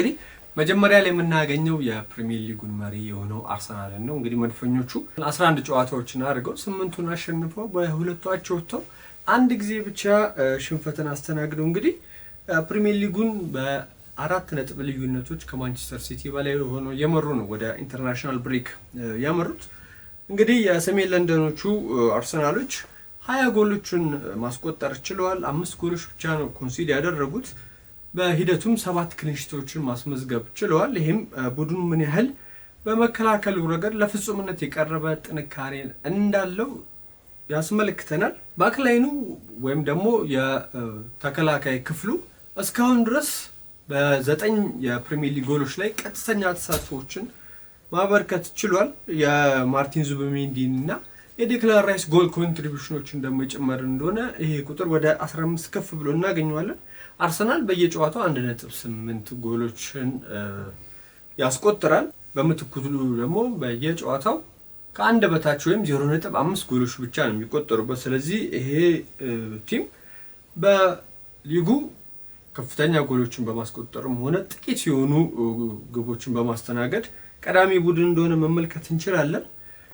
እንግዲህ መጀመሪያ ላይ የምናገኘው የፕሪሚየር ሊጉን መሪ የሆነው አርሰናልን ነው። እንግዲህ መድፈኞቹ 11 ጨዋታዎችን አድርገው ስምንቱን አሸንፈው በሁለቱ አቻ ወጥተው አንድ ጊዜ ብቻ ሽንፈትን አስተናግደው እንግዲህ ፕሪሚየር ሊጉን በአራት ነጥብ ልዩነቶች ከማንቸስተር ሲቲ በላይ ሆነው የመሩ ነው ወደ ኢንተርናሽናል ብሬክ ያመሩት። እንግዲህ የሰሜን ለንደኖቹ አርሰናሎች ሀያ ጎሎችን ማስቆጠር ችለዋል። አምስት ጎሎች ብቻ ነው ኮንሲድ ያደረጉት። በሂደቱም ሰባት ክንሽቶችን ማስመዝገብ ችለዋል። ይህም ቡድኑ ምን ያህል በመከላከሉ ረገድ ለፍጹምነት የቀረበ ጥንካሬ እንዳለው ያስመለክተናል። ባክላይኑ ወይም ደግሞ የተከላካይ ክፍሉ እስካሁን ድረስ በዘጠኝ የፕሪሚየር ሊግ ጎሎች ላይ ቀጥተኛ ተሳትፎዎችን ማበርከት ችሏል። የማርቲን ዙብሜንዲን እና የዴክላን ራይስ ጎል ኮንትሪቢሽኖችን ደግሞ የጨመር እንደሆነ ይሄ ቁጥር ወደ 15 ከፍ ብሎ እናገኘዋለን። አርሰናል በየጨዋታው 1.8 ጎሎችን ያስቆጥራል። በምትክሉ ደግሞ በየጨዋታው ከአንድ በታች ወይም 0.5 ጎሎች ብቻ ነው የሚቆጠሩበት። ስለዚህ ይሄ ቲም በሊጉ ከፍተኛ ጎሎችን በማስቆጠርም ሆነ ጥቂት የሆኑ ግቦችን በማስተናገድ ቀዳሚ ቡድን እንደሆነ መመልከት እንችላለን።